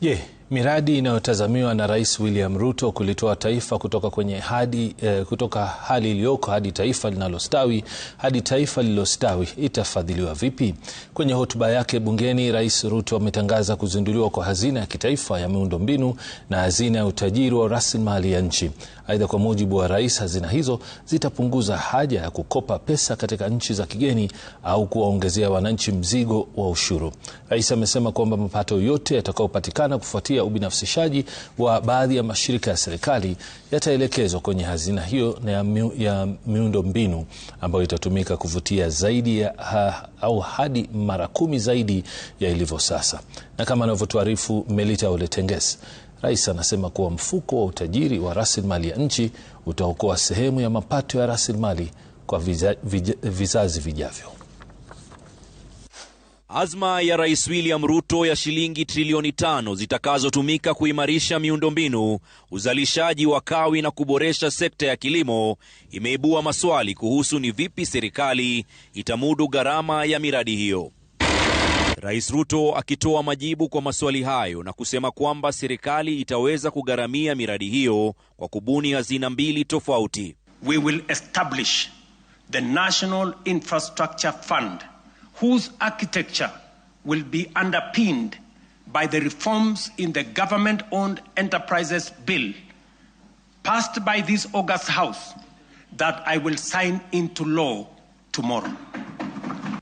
Yeah. Miradi inayotazamiwa na Rais William Ruto kulitoa taifa kutoka kwenye hadi, eh, kutoka hali iliyoko hadi taifa linalostawi hadi taifa lililostawi itafadhiliwa vipi? Kwenye hotuba yake bungeni, Rais Ruto ametangaza kuzinduliwa kwa hazina ya kitaifa ya miundombinu na hazina ya utajiri wa rasilimali ya nchi. Aidha, kwa mujibu wa rais, hazina hizo zitapunguza haja ya kukopa pesa katika nchi za kigeni au kuwaongezea wananchi mzigo wa ushuru. Rais amesema kwamba mapato yote yatakayopatikana kufuatia ya ubinafsishaji wa baadhi ya mashirika ya serikali yataelekezwa kwenye hazina hiyo na ya, miundo mbinu ambayo itatumika kuvutia zaidi ya ha, au hadi mara kumi zaidi ya ilivyo sasa. Na kama anavyotuarifu Melita Oletenges, Rais anasema kuwa mfuko wa utajiri wa rasilimali ya nchi utaokoa sehemu ya mapato ya rasilimali kwa viza, vizazi vijavyo. Azma ya Rais William Ruto ya shilingi trilioni tano zitakazotumika kuimarisha miundombinu, uzalishaji wa kawi na kuboresha sekta ya kilimo imeibua maswali kuhusu ni vipi serikali itamudu gharama ya miradi hiyo. Rais Ruto akitoa majibu kwa maswali hayo na kusema kwamba serikali itaweza kugharamia miradi hiyo kwa kubuni hazina mbili tofauti. We will establish the National Infrastructure Fund whose architecture will be underpinned by the reforms in the Government Owned Enterprises Bill passed by this August House that I will sign into law tomorrow.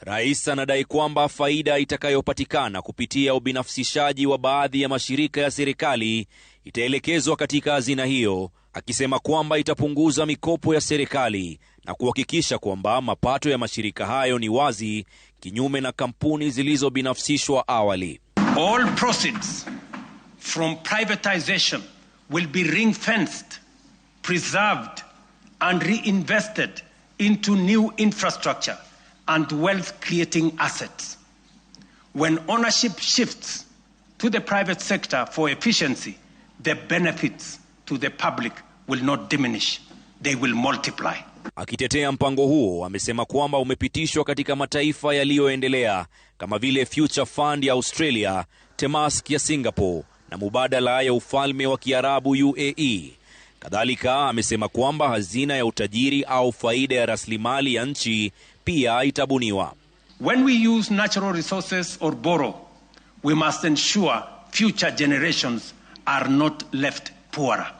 Rais anadai kwamba faida itakayopatikana kupitia ubinafsishaji wa baadhi ya mashirika ya serikali itaelekezwa katika hazina hiyo, akisema kwamba itapunguza mikopo ya serikali na kuhakikisha kwamba mapato ya mashirika hayo ni wazi kinyume na kampuni zilizobinafsishwa awali. All proceeds from privatization will be ring-fenced, preserved and reinvested into new infrastructure and wealth-creating assets. When ownership shifts to the private sector for efficiency, the benefits to the public will not diminish. they will multiply. Akitetea mpango huo amesema kwamba umepitishwa katika mataifa yaliyoendelea kama vile Future Fund ya Australia, Temask ya Singapore na mubadala ya ufalme wa Kiarabu UAE. Kadhalika amesema kwamba hazina ya utajiri au faida ya rasilimali ya nchi pia itabuniwa. When we use natural resources or borrow, we must ensure future generations are not left poorer.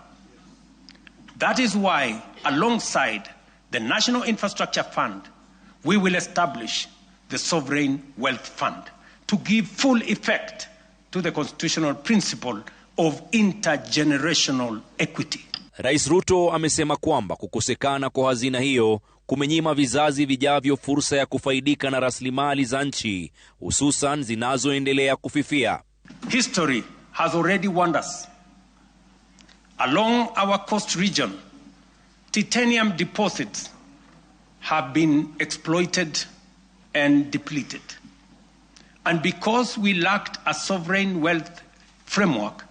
That is why, alongside the National Infrastructure Fund, we will establish the Sovereign Wealth Fund to give full effect to the constitutional principle of intergenerational equity. Rais Ruto amesema kwamba kukosekana kwa hazina hiyo kumenyima vizazi vijavyo fursa ya kufaidika na rasilimali za nchi hususan zinazoendelea kufifia. History has already warned us Along our coast region, titanium deposits have been exploited and depleted. And because we lacked a sovereign wealth framework,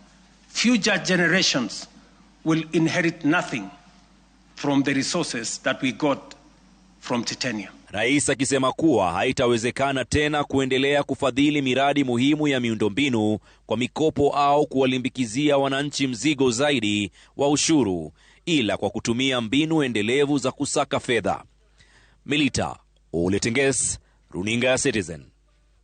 future generations will inherit nothing from the resources that we got from titanium. rais akisema kuwa haitawezekana tena kuendelea kufadhili miradi muhimu ya miundombinu kwa mikopo au kuwalimbikizia wananchi mzigo zaidi wa ushuru, ila kwa kutumia mbinu endelevu za kusaka fedha. Milita Oletenges, runinga ya Citizen.